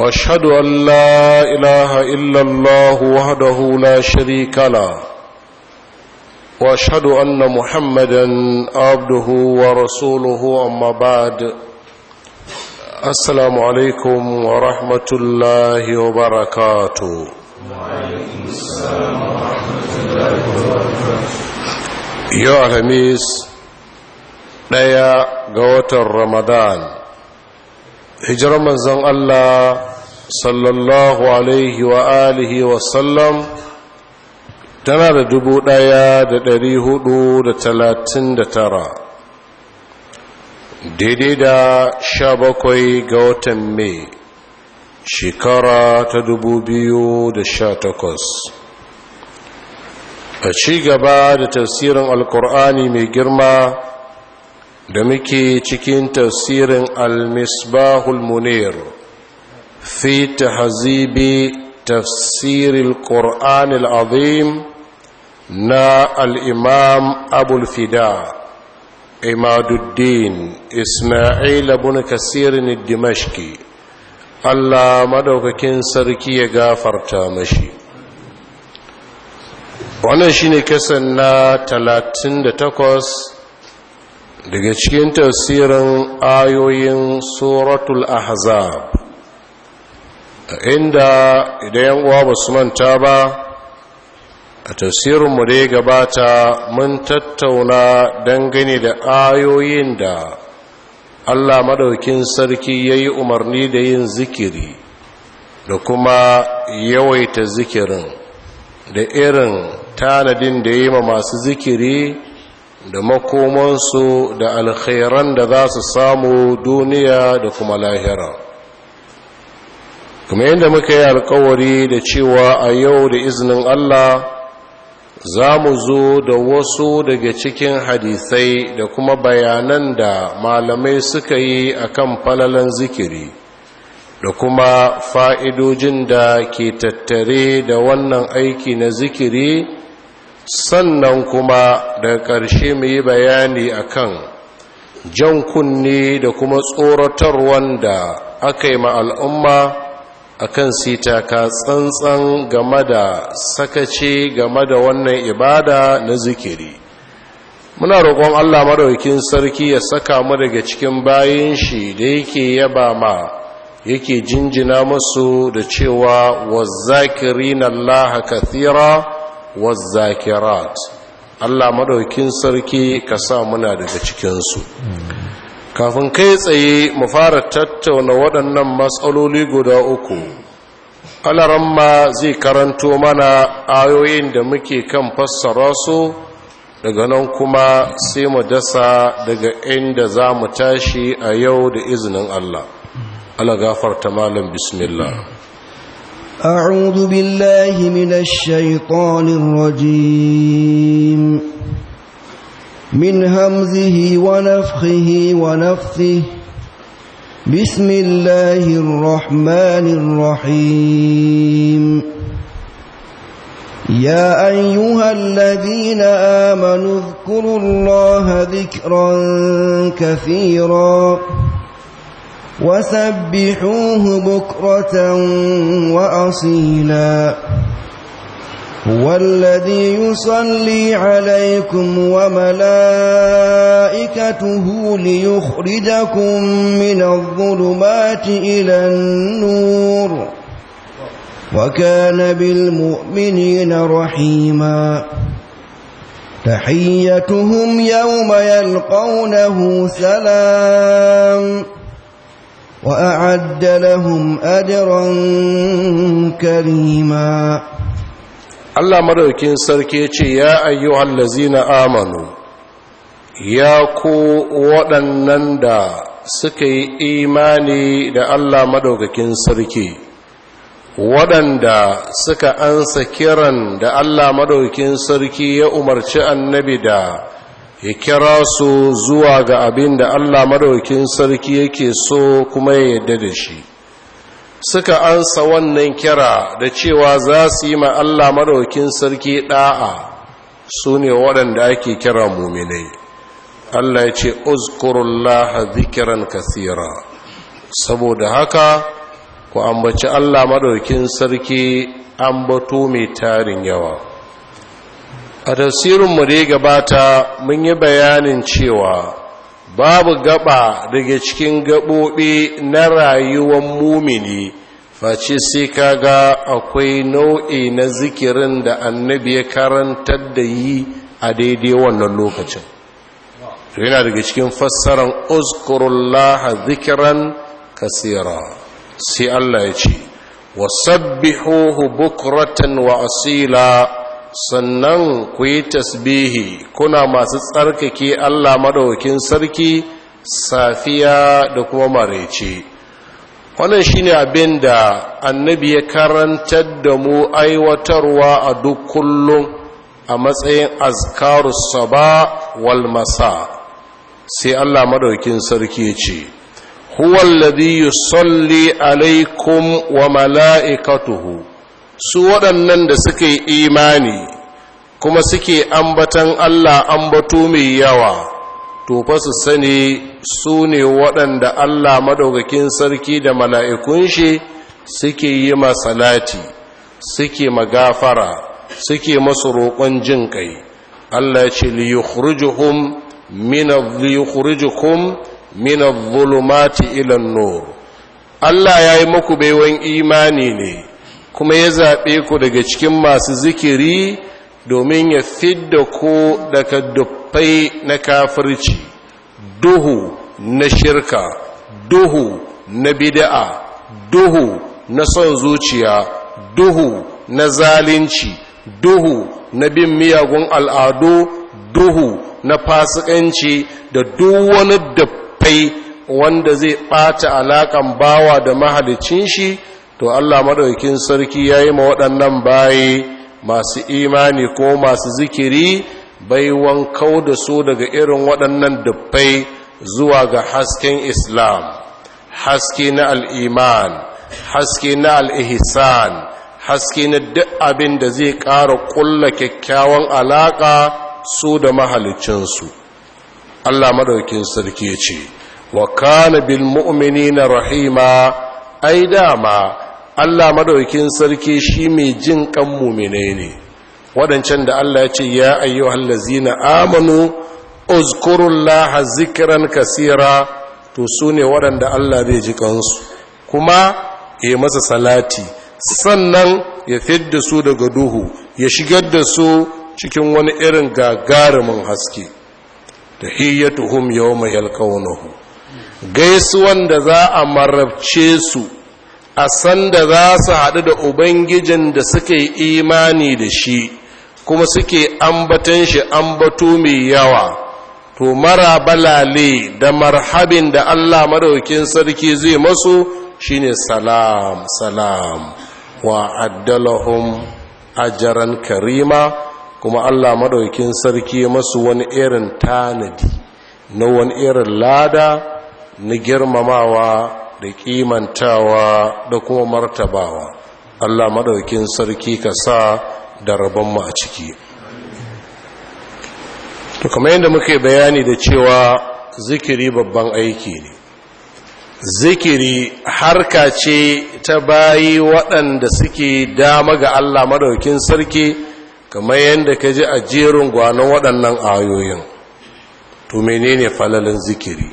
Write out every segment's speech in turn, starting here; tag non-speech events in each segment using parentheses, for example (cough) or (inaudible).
واشهد ان لا اله الا الله وحده لا شريك له واشهد ان محمدا عبده ورسوله اما بعد السلام عليكم ورحمه الله وبركاته وعليكم السلام ورحمه الله وبركاته يا الهميس ديا غوتر رمضان hijirar manzon Allah sallallahu alaihi wa alihi wa sallam tana da dubu ɗaya da ɗari hudu da talatin da tara daidai da sha bakwai ga watan mai shekara ta dubu biyu da sha takwas a ci gaba da tafsirin alkur'ani mai girma da muke cikin tafsirin almisbahul munir fi tahzibi tafsiril qur'anil azim na al-imam abul fida imaduddin isma'il ibn kasir ad-dimashqi Allah madaukakin sarki ya gafarta mashi wannan shine kasan na 38 daga cikin tafsirin ayoyin suratul ahzab inda idan uwa ba su manta ba a tasirinmu da ya gabata mun tattauna dangane da ayoyin da allah madaukin sarki ya yi umarni da yin zikiri da kuma yawaita zikirin da irin tanadin da ya yi ma masu zikiri da makomansu da alkhairan da za su samu duniya da kuma lahira kuma yadda muka yi alkawari da cewa a yau da izinin Allah za mu zo da wasu daga cikin hadisai da kuma bayanan da malamai suka yi a kan falalan zikiri da kuma fa'idojin da ke tattare da wannan aiki na zikiri sannan kuma da ƙarshe mu yi bayani akan jan kunne da kuma tsoratar wanda aka yi ma al'umma kan sita ka tsantsan game da sakace game da wannan ibada na zikiri muna roƙon Allah maɗaukin sarki ya saka mu daga cikin bayan shi da yake yaba ma yake jinjina musu da cewa na Laha kathira wazzakirat Allah مدوكين sarki ka sa muna daga cikinsu kafin kai tsaye mu fara tattauna waɗannan matsaloli guda uku alaramma zai karanto mana ayoyin da muke kan fassara su daga nan kuma sai mu dasa daga inda za mu tashi a yau da izinin Allah Allah gafarta malam bismillah أعوذ بالله من الشيطان الرجيم من همزه ونفخه ونفثه بسم الله الرحمن الرحيم يا أيها الذين آمنوا اذكروا الله ذكرا كثيرا وسبحوه بكرة وأصيلا هو الذي يصلي عليكم وملائكته ليخرجكم من الظلمات إلى النور وكان بالمؤمنين رحيما تحيتهم يوم يلقونه سلام وأعد لهم أجرا كريما Allah madaukin sarki ya ce ya ayyuhal amanu ya ku waɗannan da suka yi imani da Allah maɗaukakin sarki waɗanda suka ansa kiran da Allah madaukakin sarki ya umarci annabi da ya kira su zuwa ga abin da Allah madaukin sarki yake so kuma ya yadda da shi suka ansa wannan kira da cewa za su yi ma Allah madaukin sarki ɗa'a su ne waɗanda ake kira muminai Allah ya ce uzkurullah zikiran kasira saboda haka ku ambaci Allah madaukin sarki an ambato mai tarin yawa a tafsirin da ya gabata mun yi bayanin cewa babu gaba daga cikin gaɓoɓi na rayuwar mumini face sai kaga akwai nau'i na zikirin da annabi ya karantar da yi a daidai wannan lokacin To yana daga cikin fassarar uzkurullah zikiran kasira sai Allah ya ce wasabbihuhu bukratan wa asila sannan ku yi tasbihi kuna masu tsarkake Allah maɗaukin sarki safiya da kuma maraice wannan shine abin da annabi ya karantar da mu aiwatarwa a duk kullum a matsayin azkaru saba wal masa sai Allah maɗaukin sarki ce huwa alladhi yusalli alaikum wa mala'ikatuhu su waɗannan da suka yi imani kuma suke ambatan Allah ambato mai yawa to fa su sani su ne waɗanda Allah madaukakin sarki da mala'ikun shi suke yi masalati suke magafara suke masu roƙon jin kai Allah ce liyukhrijuhum min liyukhrijukum min adh-dhulumati ila an-nur Allah yayi muku baiwan imani ne kuma ya zaɓe ku daga cikin masu zikiri domin ya fidda ku daga dufai na kafirci duhu na shirka duhu na bida'a duhu na son zuciya duhu na zalunci duhu na bin miyagun al'adu duhu na fasikanci da duk wani dufai wanda zai ɓata alaƙan bawa da mahalicin shi to Allah madaukin sarki yayi ma waɗannan bayi masu imani ko masu zikiri baiwan kau da su daga irin waɗannan dubbai zuwa ga hasken islam haske na al'iman haske na al'ihisan haske na duk abin da zai ƙara ƙulla kyakkyawan alaƙa su da mahalicinsu allah maɗaukin sarki ce wa kana bil mu'minina rahima ai dama Allah madaukin sarki shi mai jin kan mu'minai ne wadancan da Allah ya ce ya ayyuhal ladzina amanu uzkurullaha zikran kaseera to sune wadanda Allah zai ji kansu kuma ya masa salati sannan ya fidda su daga duhu ya shigar da su cikin wani irin gagarumin haske da hiyyatuhum yawma yalqawnahu gaisuwan da za a marabce su a sanda za su haɗu da ubangijin da suke imani da shi kuma suke ambatan shi ambato mai yawa to mara balale da marhabin da allah madaukin sarki zai masu shine salam salam wa addalahum ajaran karima kuma allah Maɗaukin sarki masu wani irin tanadi na wani irin lada na girmamawa da kimantawa da kuma martabawa Allah maɗaukin sarki ka sa da rabonmu a ciki to kamar yadda muke bayani da cewa zikiri babban aiki ne zikiri harka ce ta bayi waɗanda suke dama ga Allah maɗaukin sarki kamar yadda ka ji a jerin gwanon waɗannan ayoyin to menene falalin zikiri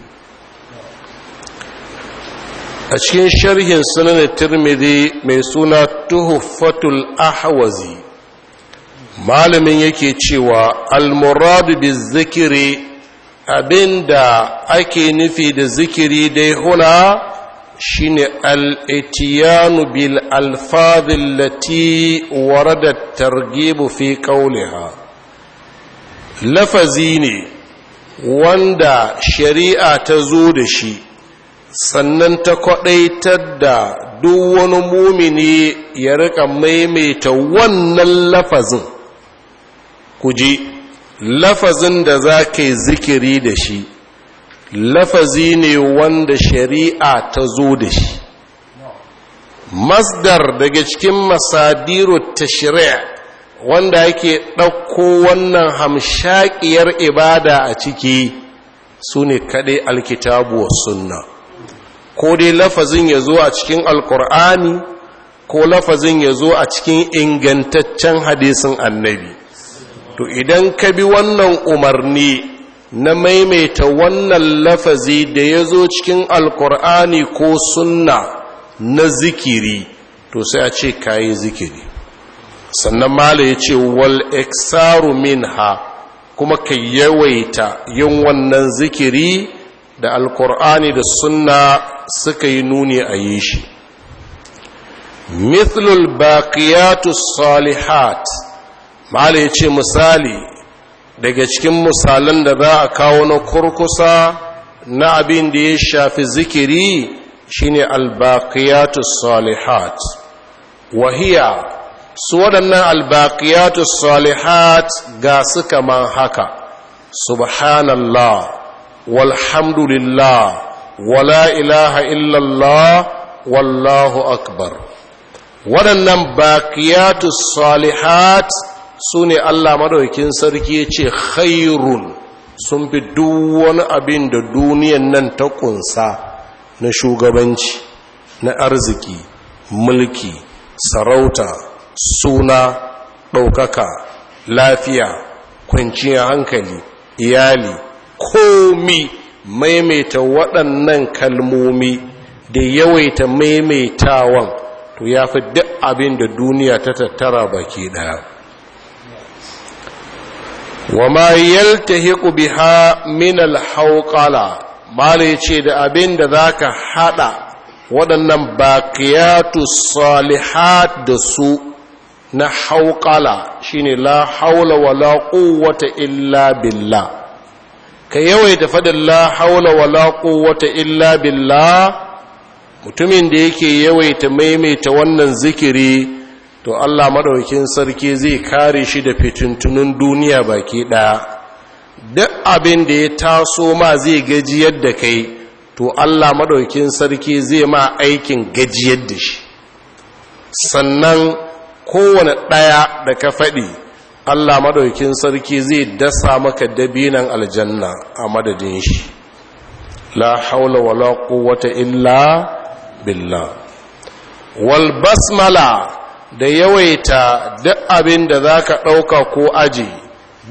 a cikin sharhin sunan tirmidhi mai suna tuhufatul ahwazi malamin yake cewa almuradu bizikiri abinda ake nufi da zikiri dai huna shine al-itiyanu bil alfadhil lati warada fi qawliha lafazi ne wanda shari'a ta zo da shi sannan ta kwaɗaitar da duk wani mumini ya rika maimaita wannan lafazin ku ji lafazin da za ka yi zikiri da shi lafazi ne wanda shari'a ta zo da shi masdar daga cikin masadiru ta shari'a wanda ake ɗauko wannan hamshaƙiyar ibada a ciki su ne kaɗai alkitabu wa sunna ko dai lafazin ya zo a cikin alkur'ani ko lafazin ya zo a cikin ingantaccen hadisin annabi to idan ka bi wannan umarni na maimaita wannan lafazi da ya zo cikin alkur'ani ko sunna na zikiri to sai a ce kayi zikiri sannan mala ya ce wal min ha? kuma ka yawaita yin wannan zikiri da alkur'ani da sunna suka yi nuni a yi shi mithlul baqiyatus salihat mala ya ce misali daga cikin misalan da za a kawo na kurkusa na abin da ya shafi zikiri shine albaqiyatu salihat wahiya su waɗannan albaqiyatu salihat ga su man haka subhanallah walhamdulillah wala ilaha illallah wallahu akbar waɗannan baƙiyatu salihat su ne Allah madaukin sarki ya ce khairun sun fi duk wani abin da duniyan nan ta ƙunsa na shugabanci na arziki mulki sarauta suna ɗaukaka lafiya kwanciyar hankali iyali komi maimaita waɗannan kalmomi da yawaita maimaitawan to ya fi duk abin da duniya ta tattara baki ɗaya wa ma yaltahiqu biha min al-hawqala mare ce da abin da za ka haɗa waɗannan bakiyatu salihat da su na hauƙala shine la haula wa la illa billah ka yawaita faɗin la haula wa la quwwata illa billah mutumin da yake yawaita maimaita wannan zikiri to Allah madaukakin sarki zai kare shi da fitintunun duniya baki ɗaya duk abin da ya taso ma zai gajiyar da kai to Allah maɗaukin sarki zai ma aikin gajiyar da shi sannan kowane ɗaya da ka faɗi Allah madaukin sarki zai dasa maka dabinan aljanna a madadin shi la haula wala quwwata illa billah wal basmala da yawaita duk abin da zaka dauka ko aji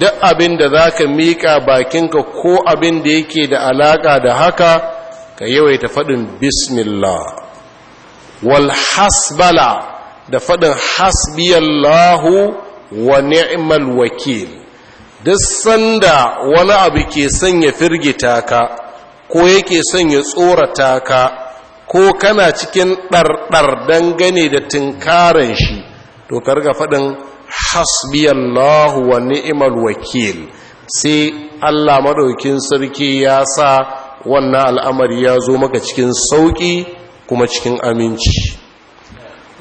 duk abin da zaka mika bakinka ko abin da yake da alaka da haka ka yawaita fadin bismillah wal hasbala da fadin hasbiyallahu wa ni'mal wakil duk sanda wani abu ke sanya firgita ka ko yake sanya tsorata ka ko kana cikin ɗarɗar dangane da tinkaran shi to karga faɗin hasbiyallahu wa ni'mal wakil sai Allah maɗaukin sarki ya sa wannan al'amari ya zo maka cikin sauƙi kuma cikin aminci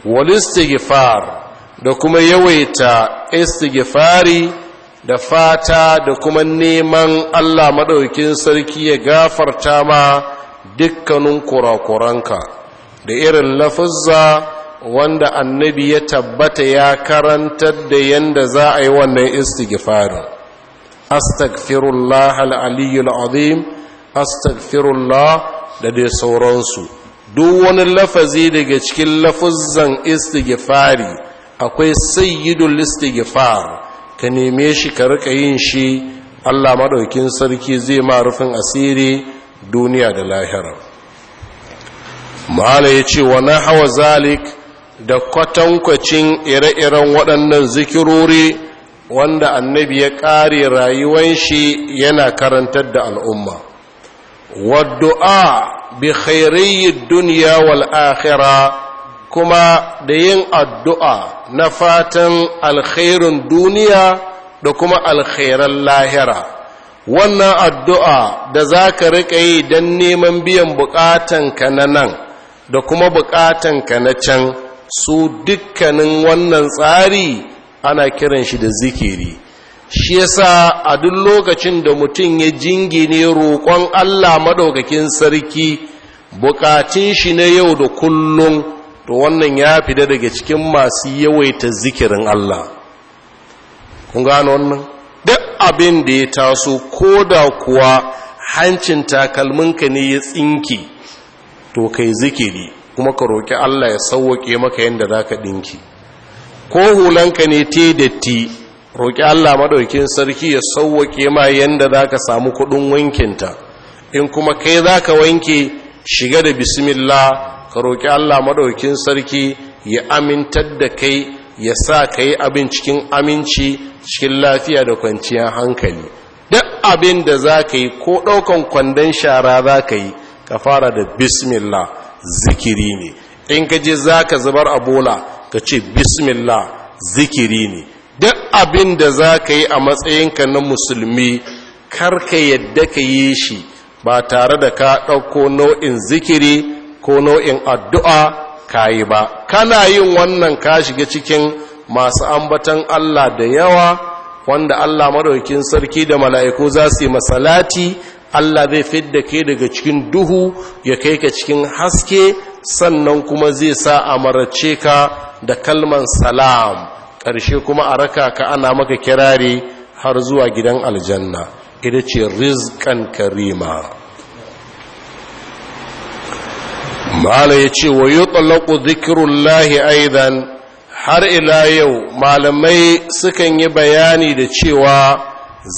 walistigifar da kuma yawaita istighfari da fata da kuma neman Allah maɗaukin sarki ya gafarta ma dukkanin kurakuranka da irin lafazza wanda annabi ya tabbata ya karantar da yanda za a yi wannan istighfari astaghfirullah al-aliyyul azim astaghfirullah da dai sauransu duk wani lafazi daga cikin lafuzzan istighfari akwai sayyidul istighfar ka neme shi ka rika yin shi Allah madaukin sarki zai ma rufin asiri duniya da lahira mala yace wa nahwa zalik da kwatankwacin ire-iren waɗannan zikirori wanda annabi ya ƙare rayuwar shi yana karantar da al'umma du'a bi khairiyyi duniya wal akhirah kuma da yin addu'a na fatan alkhairun duniya da kuma alkhairan lahira wannan addu'a da za ka riƙa yi don neman biyan buƙatanka na nan da kuma buƙatanka na can su dukkanin wannan tsari ana kiran shi da zikiri shi yasa a duk lokacin da mutum ya jingine roƙon Allah maɗaukakin sarki buƙatun shi na yau da kullum to wannan ya fida daga cikin masu yawaita zikirin Allah kun gano wannan duk abin da ya taso ko da kuwa hancin takalminka ne ya tsinki to kai zikiri kuma ka roƙi Allah ya sauwaƙe maka yadda za ka ɗinki ko hulanka ne te datti roƙi Allah maɗaukin sarki ya sauwaƙe ma yadda za ka samu kuɗin wankinta in kuma kai za ka wanke shiga da bismillah ka roƙi Allah maɗaukin sarki ya amintar da kai ya sa ka yi abin cikin aminci cikin lafiya da kwanciyar hankali duk abin da za ka yi ko ɗaukan kwandon shara za ka yi ka fara da bismillah zikiri ne in ka je za ka zubar a bola ka ce bismillah zikiri ne duk abin da za ka yi a matsayinka na musulmi kar ka yadda ka yi shi ba tare da ka ɗauko nau'in zikiri ko nau'in addu'a ka yi ba kana yin wannan ka shiga cikin masu ambatan Allah da yawa wanda Allah madaukin sarki da mala'iku za su yi masalati Allah zai fidda ke daga cikin duhu ya kai ka cikin haske sannan kuma zai sa a marace ka da kalman salam ƙarshe kuma a raka ka ana maka kirari har zuwa gidan aljanna ita ce rizkan karima mala ya ce wa yutlaku dhikrullahi aidan har ila yau malamai sukan yi bayani da cewa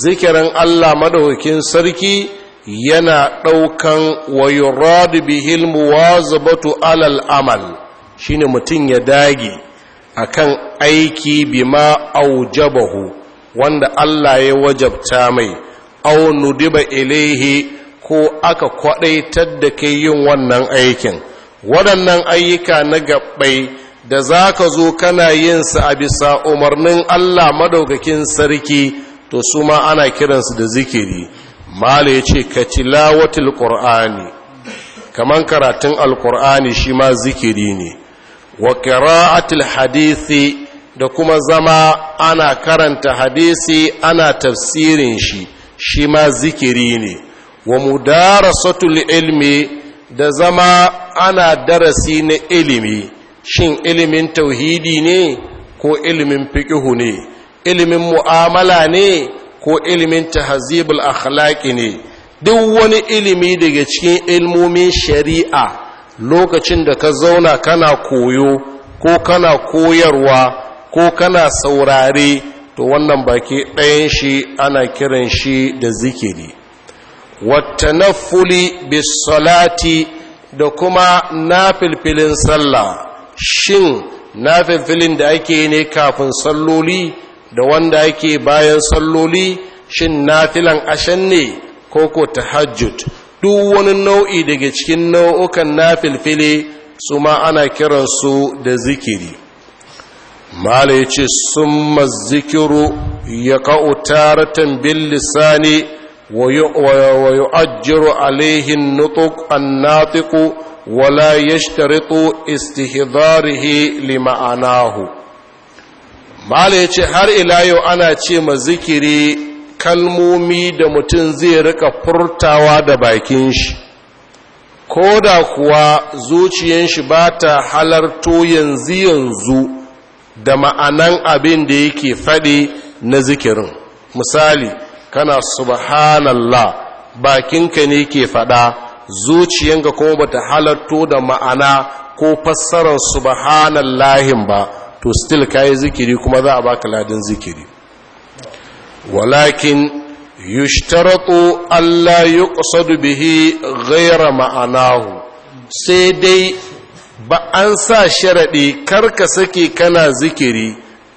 zikirin Allah madaukakin sarki yana ɗaukan wa yuradu wa muwazabatu alal amal shine mutum ya dage akan aiki bima aujabahu wanda Allah ya wajabta mai aw nudiba ilaihi ko aka kwadaitar da kai yin wannan aikin waɗannan ayyuka na gaɓɓai da za ka zo kana yin sa a bisa umarnin Allah madaukakin sarki to su ma ana kiransu da zikiri mala ya ce ka tilawatul qur'ani kaman karatun alqur'ani shi ma zikiri ne wa qira'atul hadisi da kuma zama ana karanta hadisi ana tafsirin shi shi ma zikiri ne wa mudarasatul ilmi da zama ana darasi na ilimi shin ilimin tauhidi ne ko ilimin fiqhu ne ilimin mu'amala ne ko ilimin tahzibul akhlaqi ne duk wani ilimi daga cikin ilmomin shari'a lokacin da ka zauna kana koyo ko kana koyarwa ko kana saurare to wannan baki ɗayan shi ana kiran shi da zikiri wattanaffuli bisalati da kuma nafilfilin sallah shin nafilfilin da ake ne kafin salloli da wanda ake bayan salloli shin nafilan ashen ne ko ko tahajjud duk wani nau'i daga cikin nau'ukan nafilfili su ma ana kiransu da zikiri mala ce sun mazikiru ya ka'u taratan bin lissani. ويؤجر عليه النطق الناطق ولا يشترط استهداره لمعناه ما ya ce har ila yau ana ce ma zikiri kalmomi da mutum zai rika furtawa da bakin shi ko da kuwa zuciyar shi ba ta halarto yanzu yanzu da ma'anan abin da yake faɗi na zikirin misali kana subhanallah bakinka ne ke fada zuciyanka kuma bata halatto da ma'ana ko fassarar subhanallahin ba to still kayi zikiri kuma za a baka ladin zikiri walakin yushtaratu Allah yuqsadu bihi ghayra ma'anahu sai dai ba an sa sharaɗi karka sake kana zikiri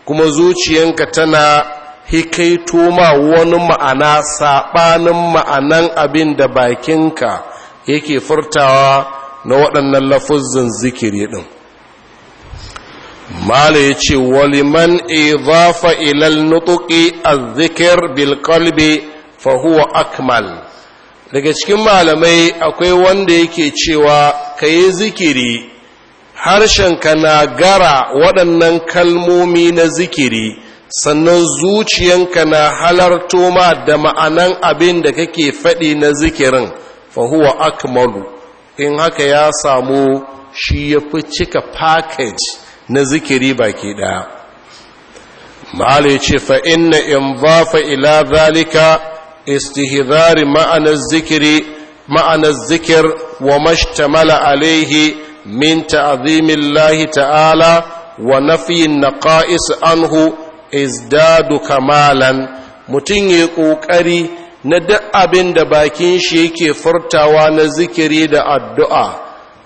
kuma zuciyanka tana hikaito ma wani ma'ana saɓanin ma'anan abin da bakinka yake furtawa na waɗannan lafuzin zikiri ɗin mala ya ce waliman izafa ilal nutuki a zikir bilkalbi fahuwa akmal daga cikin malamai akwai wanda yake cewa ka yi zikiri ka na gara waɗannan kalmomi na zikiri sannan zuciyanka na halarto ma da ma'anan abin da kake faɗi na zikirin fahuwa akmalu in haka ya samu shi ya fi cika package na zikiri baki ɗaya ma'ala ce fa'in na in fa ila zalika istihidari ma'anar zikiri ma'anar zikir wa mashtamala alaihi min ta'azimillahi ta'ala wa nafiyin naqa'is anhu izdadu kamalan mutum ya ƙoƙari na duk abin da bakin shi yake furtawa na zikiri da addu'a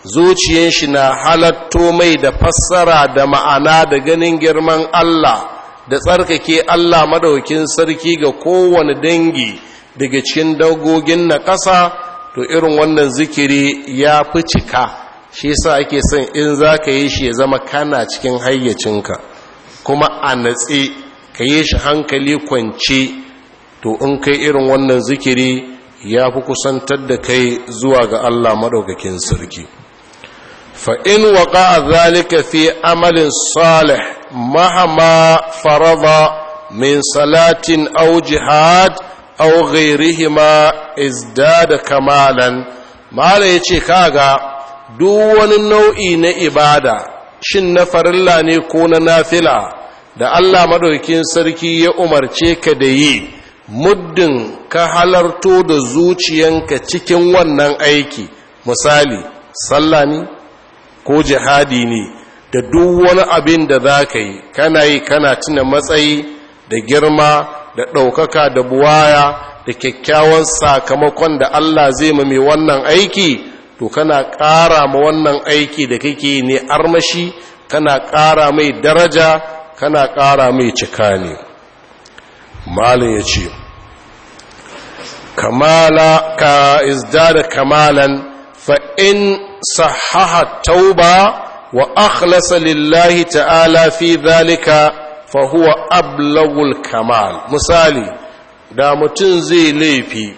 zuciyar shi na halatto mai da fassara da ma'ana da ganin girman Allah da tsarkake Allah madaukin sarki ga kowane dangi daga cikin dagogin na ƙasa to irin wannan zikiri ya fi cika shi yasa ake son in za ka yi shi ya zama kana cikin hayyacinka kuma a natse ka yi shi hankali kwance to in kai irin wannan zikiri ya fi kusantar da kai zuwa ga Allah maɗaukakin sarki fa'in waƙa a zalika fi amalin salih mahama faraba min salatin au jihad au ghairihima izdada kamalan ma’ala ya ce kaga duk wani nau'i na ibada shin na farilla ne ko na nafila da Allah madaukin sarki ya umarce ka da yi muddin ka halarto da zuciyanka cikin wannan aiki misali sallah ne ko jihadi ne da duk wani abin da za ka yi kana yi kana tuna matsayi da girma da ɗaukaka da buwaya da kyakkyawan sakamakon da Allah zai mai wannan aiki to kana ƙara ma wannan aiki da kake ne armashi kana ƙara mai daraja kana ƙara mai cika ne malin ya ce kamala ka izdada kamalan fa in sahaha tauba wa akhlasa lillahi ta'ala fi zalika fa huwa ablagul kamal misali da mutum zai laifi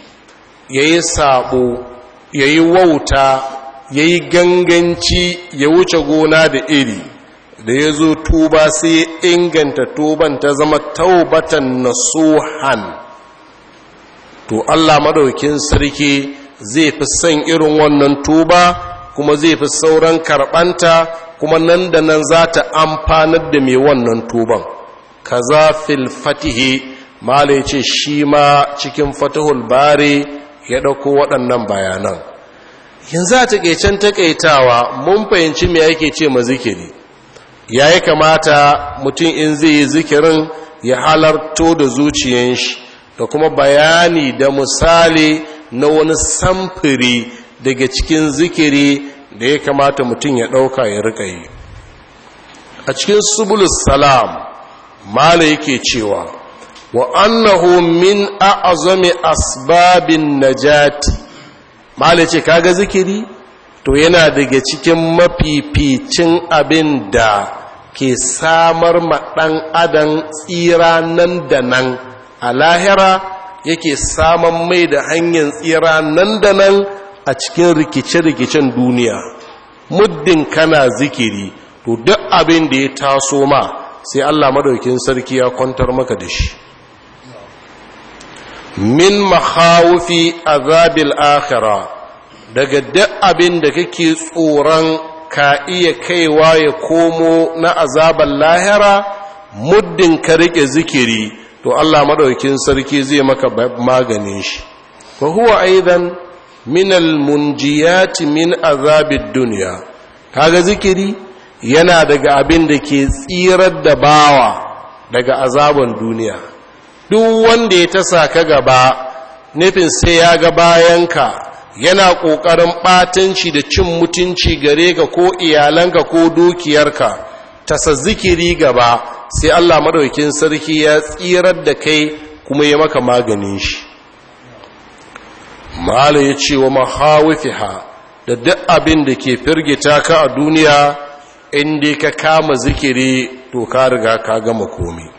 yayi sabo ya yi wauta ya yi ganganci ya wuce gona da iri da ya zo tuba sai ya inganta tuban ta zama taubatan nasuhan to allah madaukin sarki zai fi son irin wannan tuba kuma zai fi sauran karɓanta kuma nan da nan za ta amfanar da mai wannan tuban kaza fil fatihi malai ce shi ma cikin fatihul bari ya ɗauko waɗannan bayanan yanzu a taƙaicen taƙaitawa mun fahimci me yake ce ma zikiri ya yi kamata mutum in zai yi zikirin ya halarto da zuciyan shi da kuma bayani da misali na wani samfuri daga cikin zikiri da ya kamata mutum ya ɗauka ya riƙa yi a cikin subulus salam mala yake cewa wa annahu min a'zami asbabin najati mala ce kaga zikiri to yana daga cikin mafificin abin da ke samar ma ɗan adam tsira nan da nan a lahira yake saman mai da hanyar tsira nan da nan a cikin rikice-rikicen duniya muddin kana zikiri to duk abin da ya taso ma sai allah maɗaukin sarki ya kwantar maka da shi min a azabil akhira daga duk abin da kake tsoron ka iya kaiwa ya komo na azabar lahira muddin ka rike zikiri to Allah madaukin sarki zai maka maganin shi fa huwa aidan min almunjiyati min azabid dunya kaga zikiri yana daga abin da ke tsirar da bawa daga azaban duniya duk wanda ya tasa ka gaba nufin sai ya ga bayan ka yana ƙoƙarin ɓatanci da cin mutunci gare ka ko iyalanka ko dukiyarka tasa zikiri gaba sai allah maɗaukin sarki ya tsirar da kai kuma ya maka maganin shi ma'ala ya ce wa mahawifiha da duk abin da ke firgita ka a duniya inda ka kama zikiri to ka riga ka gama komai.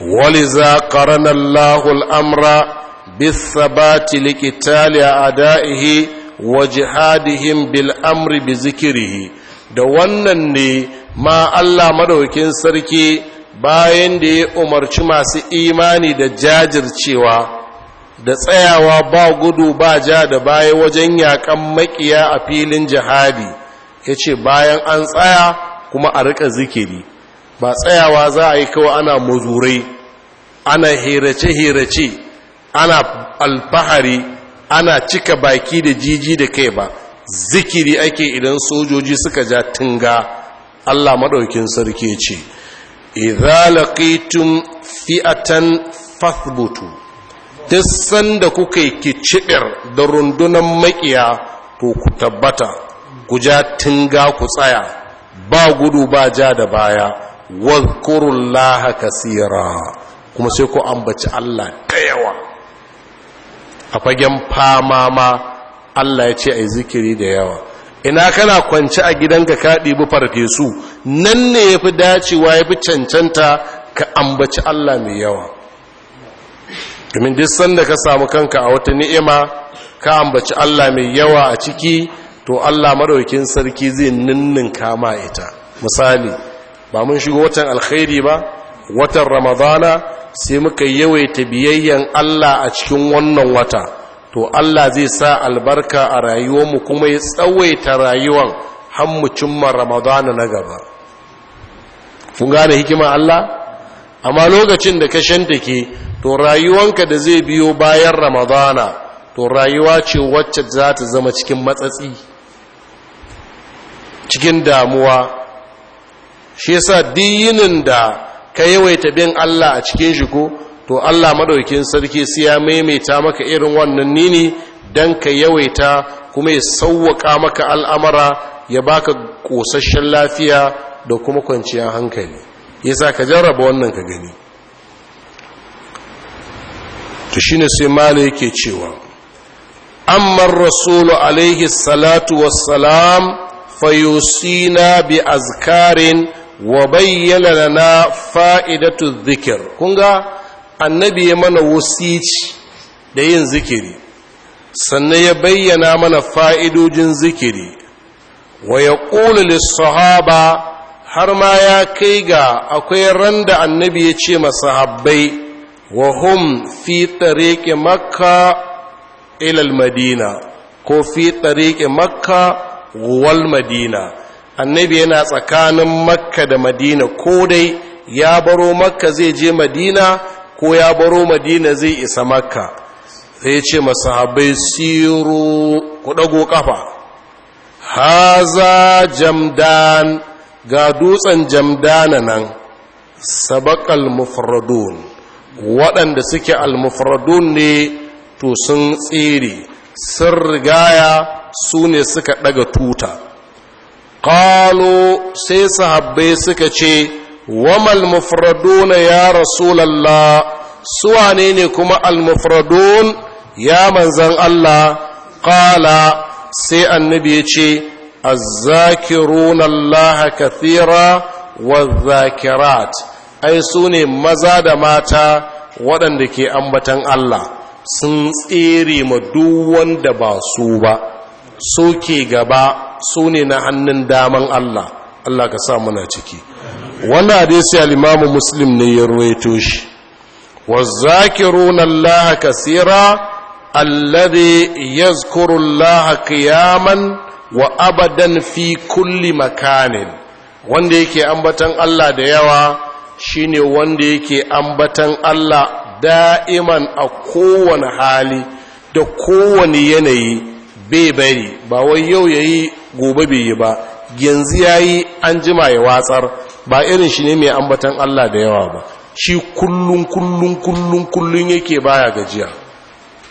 ولذا قرن الله الأمر بالثبات لقتال أعدائه وجهادهم بالأمر بذكره da wannan ne ma Allah madaukin sarki bayan da ya umarci masu imani da jajircewa da tsayawa ba gudu ba ja da baya wajen yakan makiya a filin jihadi ya ce bayan an tsaya kuma a rika zikiri ba tsayawa za a yi kawai ana mazurai ana hirace herace ana alfahari ana cika baki da jiji da kai ba zikiri ake idan sojoji suka ja tunga allah maɗaukin sarki ce idha laqitum fi'atan fathbutu duk sanda kuka yi kicibir da rundunan maƙiya to ku tabbata ku ja tunga ku tsaya ba gudu ba ja da baya wadhkurullaha kasira kuma sai ku ambaci Allah da yawa a fagen fama ma Allah ya ce a zikiri da yawa ina kana kwance a gidan ka ɗibi farfesu nan ne ya fi dacewa ya fi cancanta ka ambaci Allah mai yawa domin duk sanda ka samu kanka a wata ni'ima ka ambaci Allah mai yawa a ciki to Allah maraukin sarki zai ninninka ma ita misali ba mun shigo watan alkhairi ba watan ramadana sai muka yawaita biyayyen Allah a cikin wannan wata to Allah zai sa albarka a rayuwarmu kuma ya tsawaita rayuwar har mu cimma ramadana na gaba kun gane hikima Allah amma lokacin da ka shantake to rayuwanka da zai biyo bayan ramadana to rayuwa ce wacce za ta zama cikin matsatsi cikin damuwa shi yasa diyinin da ka yawaita bin Allah a cikin shi ko to Allah madaukin sarki sai ya maimaita maka irin wannan nini dan ka yawaita kuma ya sauwaka maka al'amara ya baka kosasshen lafiya da kuma kwanciyar hankali yasa ka jarraba wannan ka gani to shine sai mala yake cewa amma rasulu alaihi salatu wassalam fayusina bi azkarin wa bayyana lana fa'idatu zikir kunga annabi ya mana wasici da yin zikiri sannan ya bayyana mana fa'idojin zikiri wa ya ƙuli sahaba har ma ya kai ga akwai randa annabi ya ce masahabbai wa hum fi tsareke makka ilal madina ko fi tsareke makka wal madina annabi yana tsakanin makka da madina ko dai ya baro makka zai je madina ko ya baro madina zai isa makka zai ce masahabai siru ku ɗago haza jamdan ga dutsen jamdana nan sabakal mufradun waɗanda suke almufradun ne to sun tsere sun rigaya su ne suka ɗaga tuta qalu sai sahabbai suka ce wamal mufraduna ya rasulallah suwane ne kuma almufradun ya manzan Allah ƙala sai annabi ya ce azzakiruna Allah kathira wadh-dhakirat ai su ne maza da mata waɗanda ke ambatan Allah sun tsere ma duk wanda ba su ba soke gaba su ne na hannun daman Allah Allah ka sa muna ciki wannan hadisi al-Imam Muslim ne ya ruwaito shi wazakiruna Allah kaseera alladhi yazkuru Allah qiyaman wa abadan fi kulli makanin wanda yake ambatan Allah da yawa shine wanda yake ambatan Allah da'iman a kowane hali da kowane yanayi bai bari ba wai yau ya yi gobe bai yi ba yanzu ya yi an jima ya watsar ba irin shi ne mai ambatan Allah da yawa ba shi kullum kullum kullum kullun yake baya gajiya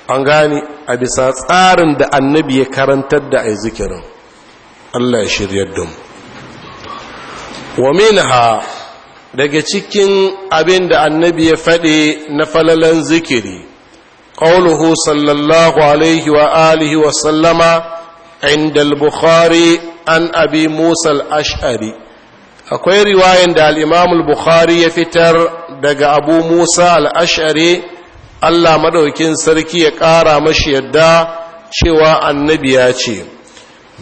an gani a bisa tsarin da annabi ya karantar da ai zikirin Allah ya shiryar da mu wa daga cikin abin da annabi ya faɗe na falalan zikiri قوله صلى الله عليه وآله وسلم عند البخاري عن أبي موسى الأشعري akwai riwayan da al'imamul bukhari ya fitar daga abu musa al'ashari allah maɗaukin sarki ya ƙara mashi yadda cewa annabi ya ce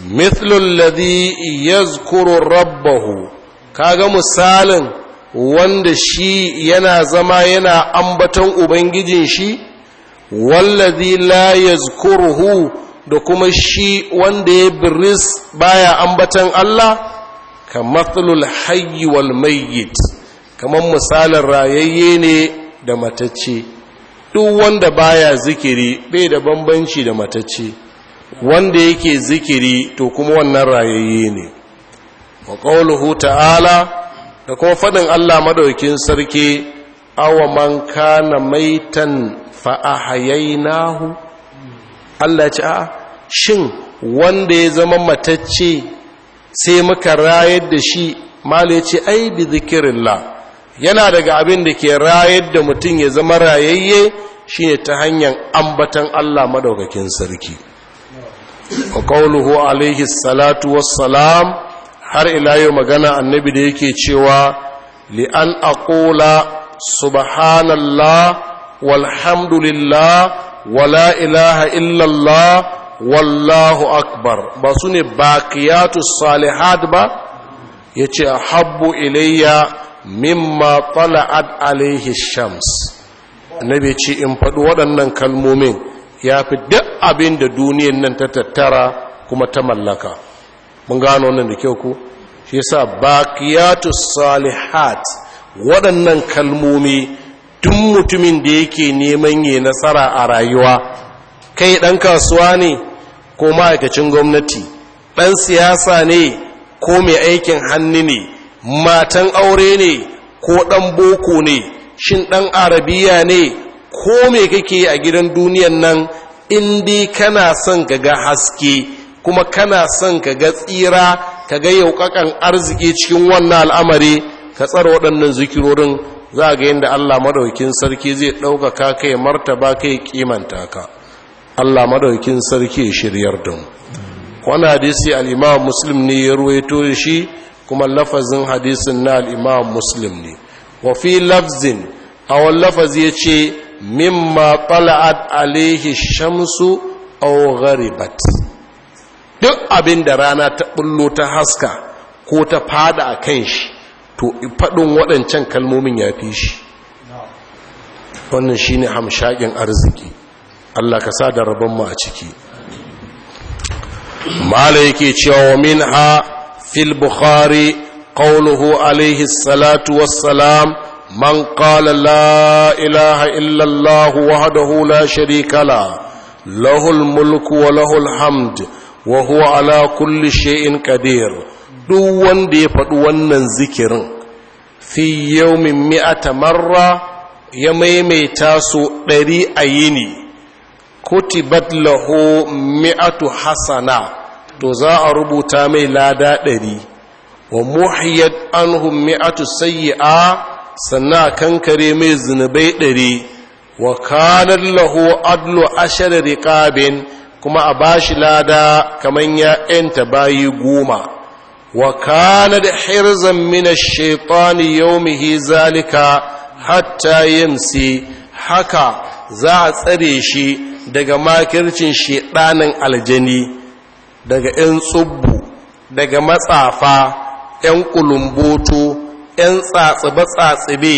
mithlul ladhi yazkuru rabbahu kaga misalin wanda shi yana zama yana ambatan ubangijin shi wallazi la yazkuruhu da kuma shi wanda ya biris baya ambatan Allah ka matsalul hayyi wal mayyit kamar misalin rayayye ne da matacce duk wanda baya zikiri bai da bambanci da matacce wanda yake zikiri to kuma wannan rayayye ne wa qawluhu ta'ala da kuma fadin Allah madaukin sarki awa man kana maitan fa'ahayainahu Allah ce a shin wanda ya zama matacce sai muka rayar da shi mala ce ai bi zikirillah yana daga abin da ke rayar da mutum ya zama rayayye shine ta hanyar ambatan Allah madaukakin sarki wa qawluhu alaihi salatu wassalam har ila yau magana annabi da yake cewa li an aqula subhanallah walhamdulillah wala illallah wallahu akbar ba su ne bakiyatu salihat ba ya ce a habbu ilayya mimma tala'ad alaihi shams annabi ce in faɗi waɗannan kalmomin ya fi duk abin da duniyan nan ta tattara kuma ta mallaka mun gano wannan da kyau ku shi yasa baqiyatu salihat waɗannan kalmomi duk mutumin da yake neman yi nasara a rayuwa kai ɗan kasuwa ne ko ma'aikacin gwamnati ɗan siyasa ne ko mai aikin hannu ne matan aure ne ko ɗan boko ne shin ɗan arabiya ne ko me kake a gidan duniyan nan in dai kana son ka ga haske kuma kana son ka ga tsira ka ga yaukakan arziki cikin wannan al'amari ka tsara waɗannan zikirorin za a ga yadda Allah madaukin sarki zai ɗaukaka kai martaba kai kimanta ka Allah madaukin sarki shiryar da mu wani hadisi al’imam muslim ne ya ruwaito shi kuma lafazin hadisin na al’imam imam muslim ne wa fi lafzin a wani lafazi ya ce mimma tala'at alaihi shamsu aw gharibat duk abin da rana ta bullo ta haska ko ta fada a kan shi to faɗin waɗancan kalmomin ya fi shi wannan shi ne hamshaƙin arziki Allah ka sa da rabonmu a ciki mala yake cewa min ha fil bukhari ƙauluhu alaihi salatu wassalam man ƙala la ilaha illallahu wahadahu la sharika lahul mulku wa lahul hamd wa huwa ala kulli shay'in qadir duk wanda ya faɗi wannan zikirin fi min mi'ata marra ya maimaita su ɗari a yini kutibat lahu mi'atu hasana to za a rubuta mai lada ɗari wa muhiyyat anhu mi'atu a, sannan a kankare mai zunubai ɗari wa kanar laho Adlo ashar rikaben, kuma a bashi lada kamar ya 'yanta bayi goma wa kana da hirzan min ash-shaytani yawmihi hatta yamsi haka za a tsare shi daga makircin shedanin aljani daga 'yan tsubbu daga matsafa 'yan kulumboto 'yan tsatsibe-tsatsibe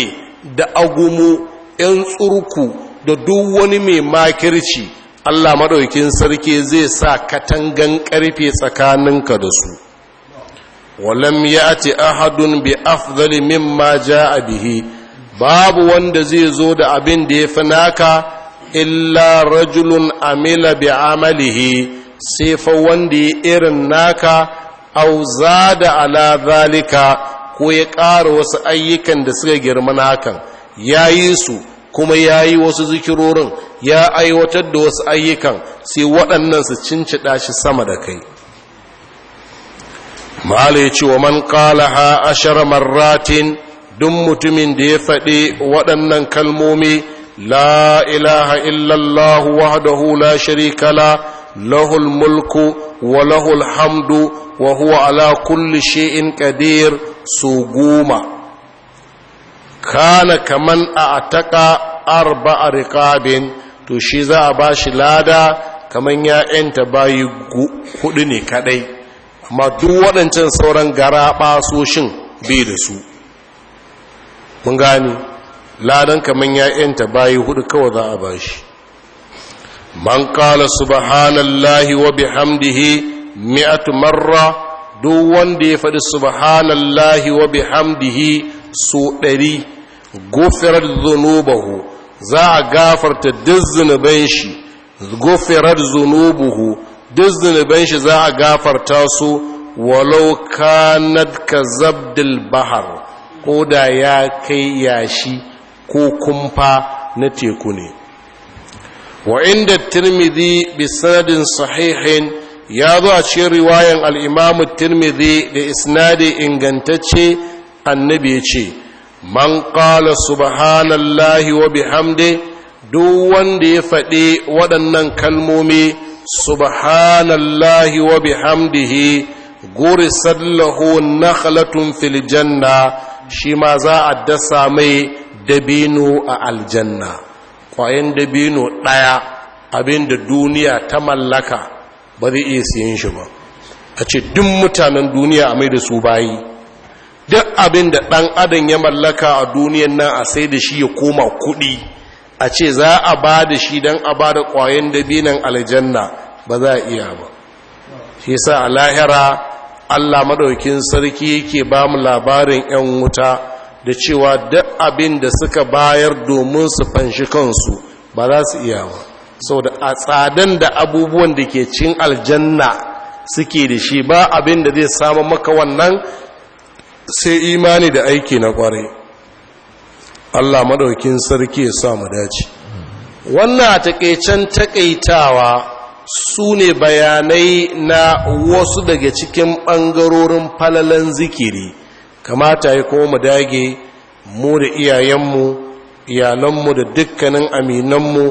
da agumu 'yan tsurku da duk wani mai makirci Allah maɗaukin sarki zai sa katangan ƙarfe tsakaninka da su walam ya'ti ahadun bi afdali mimma jaa bihi babu wanda zai zo da abin da ya fi naka illa rajulun amila bi amalihi sai fa wanda ya irin naka auzada zada ala ko ya ƙara wasu ayyukan da suka girma nakan yayi su kuma yayi wasu zikirorin ya aiwatar da wasu ayyukan sai waɗannan su cincida shi sama da kai ma'ala ya ce wa man qalaha ashara marratin duk mutumin da ya faɗi waɗannan kalmomi la ilaha illallah wahdahu la sharika la lahul mulku wa lahul hamdu wa huwa ala kulli shay'in qadir su goma kana kaman a ataka arba'a riqabin to shi za a bashi lada kaman ya enta bayi hudu ne kadai amma duk waɗancan sauran gara ɓasoshin bai da su mun gani ladan kamar ya'yanta bayi hudu kawai za a ba shi man kala subhanallahi wa bihamdihi mi'atu marra duk wanda ya faɗi subhanallahi wa bihamdihi su ɗari gufirar zunubahu za a gafarta duk zunubai shi gufirar zunubuhu duk zunuban shi za a gafarta su walau kanat ka zabdil bahar ko da ya kai yashi ko kumfa na teku ne wa inda tirmidhi bi sanadin sahihin ya zo a cikin riwayan al'imamu tirmidhi da isnadi ingantacce annabi ya ce man qala subhanallahi wa bihamdi duk wanda ya faɗi waɗannan kalmomi subhanallahi wa bihamdihi gurisar lahu nakhlatun fil janna shi za a dasa mai dabino a aljanna kwayan dabino ɗaya abinda duniya ta mallaka ba zai iya siyan shi ba a ce duk mutanen duniya a mai da su bayi duk abin da ɗan adam ya mallaka a duniyan nan a sai da shi ya koma kuɗi a ce za a ba da shi don a ba da ƙwayen dabinan aljanna ba za a iya ba shi sa a lahira allah maɗaukin sarki yake ba mu labarin 'yan wuta da cewa duk abin da suka bayar domin su fanshi kansu ba za su iya ba sau da a tsadan da abubuwan da ke cin aljanna suke da shi ba abin da zai samu maka wannan sai imani da aiki na ƙwarai. Allah madaukin sarki ya sa mu dace wannan takeicen takaitawa su ne bayanai na wasu daga cikin ɓangarorin falalan zikiri kamata ya kuma mu dage mu da iyayenmu iyalanmu da dukkanin aminanmu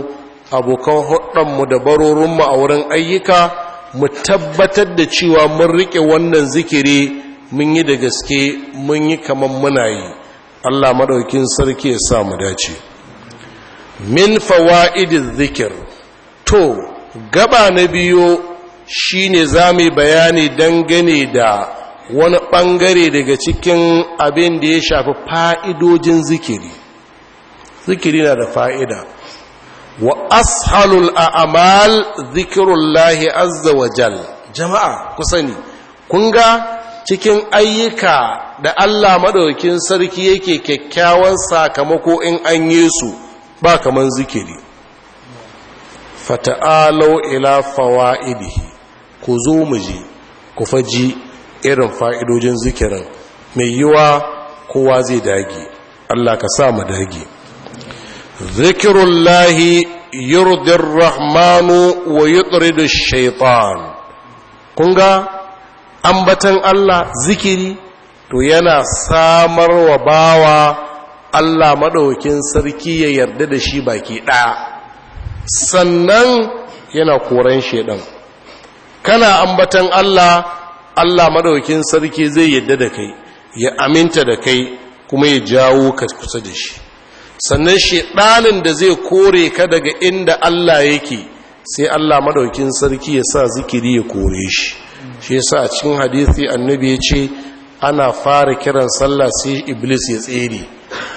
abokan mu da barorinmu a wurin ayyuka mu tabbatar da cewa mun riƙe wannan zikiri mun yi da gaske mun yi kamar muna yi Allah maɗaukin sarki ya sa mu dace min fawa'idiz zikir to gaba na biyo shine zamu bayani dangane da wani ɓangare daga cikin abin da ya shafi fa'idojin zikiri zikiri na da fa'ida wa ashalul a'mal zikirullahi azza wa jama'a ku sani kun ga cikin ayyuka da Allah maɗaukin sarki yake kyakkyawan sakamako in an yi su ba kaman zikiri fata'alau ila fawa'idihi ku zo mu ji ku faji irin fa'idojin zikirin mai yiwa kowa zai dage Allah ka sa mu dage zikirullahi yurdin rahmanu wa yutridu shaitan kun ga ambatan Allah zikiri to yana samar wa bawa Allah maɗaukin sarki ya yarda da shi baki ɗaya sannan yana koren shaidan kana ambatan Allah Allah maɗaukin sarki zai yarda da kai ya aminta da kai kuma ya jawo ka kusa da shi sannan shaidanin da zai kore ka daga inda Allah yake sai Allah maɗaukin sarki ya sa zikiri ya kore shi shi yasa a cikin hadisi annabi ya ce ana fara kiran sallah sai iblis ya tsere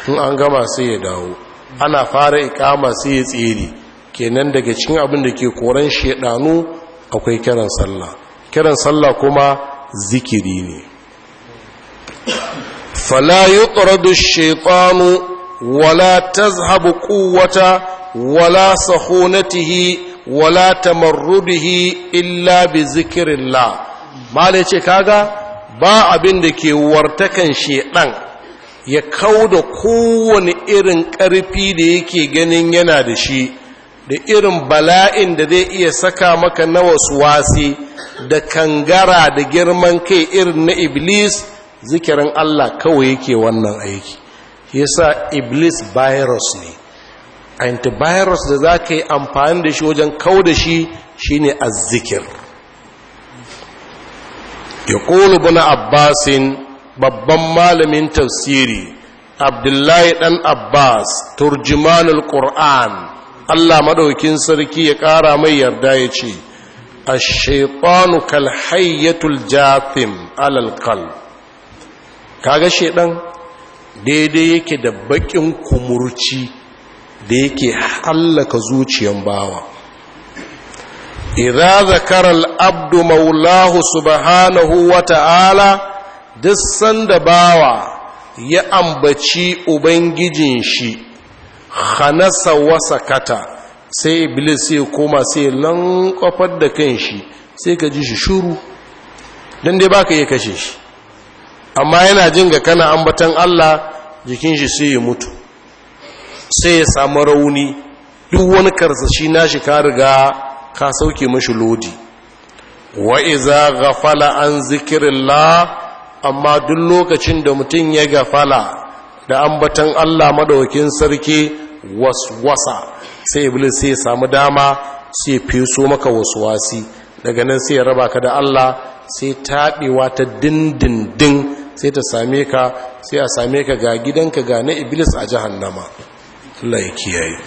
in an gama sai ya dawo ana fara ikama sai ya tsere kenan daga cikin abin da ke koran shedanu akwai kiran sallah kiran sallah kuma zikiri ne fala yuqradu ash-shaytanu wala tazhabu quwwata wala sahunatihi wala tamarrudihi illa bi zikirillah mala ce kaga ba abin da ke wartakan shedan ya kauda kowane irin ƙarfi da yake ganin yana da shi da irin bala'in da zai iya saka maka na wasu wasi da kangara da girman kai irin na iblis zikirin Allah kawai yake wannan aiki yasa iblis virus ne antivirus da za ka yi amfani da shi wajen kau da shi shi ne azzikir ya ƙolu bana abbasin babban malamin tafsiri abdullahi dan abbas turjimanul ƙur'an allah maɗaukin sarki ya ƙara mai yarda ya ce a shaitanu kalhayyatul jafin alalkal kaga shaidan daidai yake da baƙin kumurci da yake hallaka zuciyan bawa idza zakara al-abdu maulahu subhanahu wata'ala duk sanda bawa ya ambaci ubangijin shi hanasa wasa sai iblis sai koma sai lankwafar da kan shi sai ka ji shi shuru don dai baka iya kashe shi amma yana jin ga kana ambatan Allah jikin shi sai ya mutu sai ya samu rauni duk wani karsashi shi ka riga ka sauke mashi lodi wa iza ghafala an zikirillah amma duk lokacin da mutum ya gafala da ambatan Allah madaukin sarki waswasa sai iblis sai ya samu dama sai ya feso maka waswasi daga nan sai ya raba ka da Allah sai taɓewa ta dindindin sai ta same ka sai a same ka ga gidanka ga na iblis a jahannama Allah ya kiyaye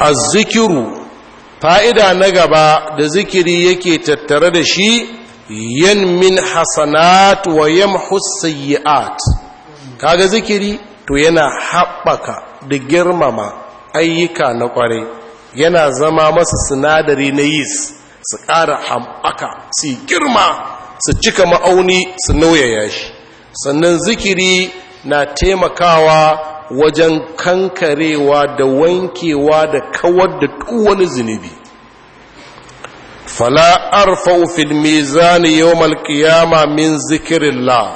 azzikiru fa'ida na gaba da zikiri yake tattare da shi yan min hasanat wa yamhu sayyi'at kaga zikiri to yana haɓaka da girmama ayyuka na ƙwarai yana zama masa sinadari na yis su ƙara haɓaka su girma su cika ma'auni su nauyaya shi sannan zikiri na taimakawa wajen kankarewa da wankewa da kawar da wani zunubi fala arfau fil mizani yawmal qiyama min zikrillah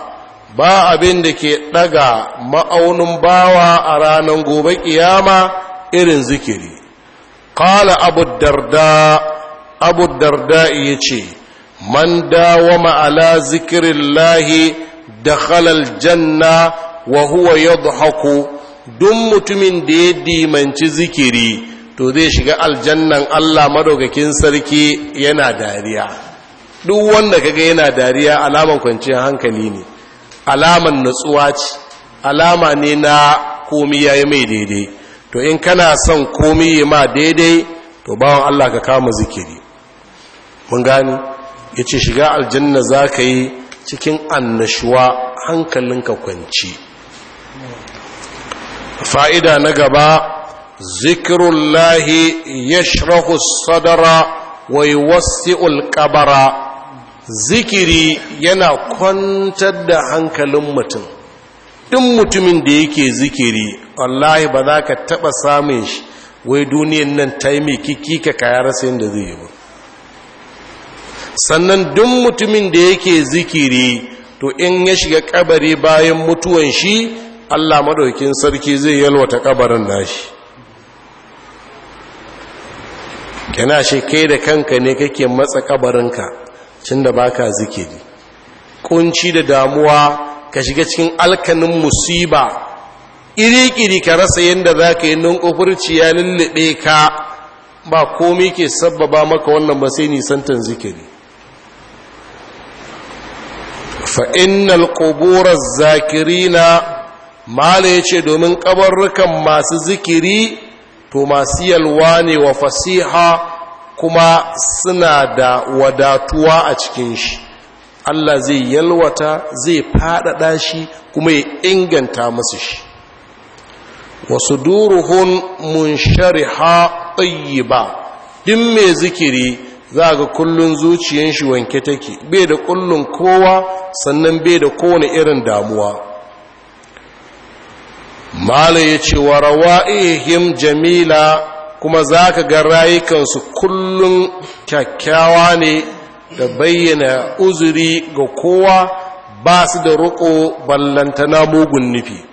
ba abin da ke daga ma'aunin bawa a ranar gobe kiyama irin zikiri qala abu darda abu darda yace man ma'ala ala zikrillah dakhala aljanna wa huwa yadhaku duk mutumin da ya dimanci zikiri to zai shiga aljannan Allah madaukakin sarki yana dariya duk wanda kaga yana dariya alaman kwanciyar hankali ne alaman nutsuwa ce alama ne na komi yayi mai daidai to in kana son komi ma daidai to bawan Allah ka kama zikiri mun gani yace shiga aljanna zaka yi cikin annashuwa hankalinka kwanci fa'ida na gaba zikirullahi ya shirahu sadara wai wasi'ul kabara zikiri yana kwantar da hankalin mutum ɗin mutumin da yake zikiri wallahi ba za ka taɓa samun shi wai duniyan nan ta yi mai kika, kayar sayan da zai yi ba sannan duk mutumin da yake zikiri to in ya shiga ƙabari bayan mutuwan shi Allah madaukin sarki zai yalwata kabarin nashi kana shi kai da kanka ne kake matsa da tunda baka zikiri kunci da damuwa ka shiga cikin alkanin musiba iri kiri ka rasa yadda za ka yi nunkufurci ya lullube ka ba komi ke sabbaba maka wannan ba sai nisantan zikiri fa'in ƙoborar zakirina mala ya ce domin ƙabarrukan masu zikiri to masu yalwa ne wa fasiha kuma suna da wadatuwa a cikin shi Allah zai yalwata zai faɗaɗa shi kuma ya inganta musu shi wasu duruhun ɗayi ba. din mai zikiri za ga kullun zuciyan shi wanke take bai da kullun kowa sannan bai da kowane irin damuwa mala ya ce wa rawa'ihim jamila kuma za ka ga rayukansu kullum kyakkyawa ne da bayyana uzuri ga kowa ba su da roƙo na mugun nufi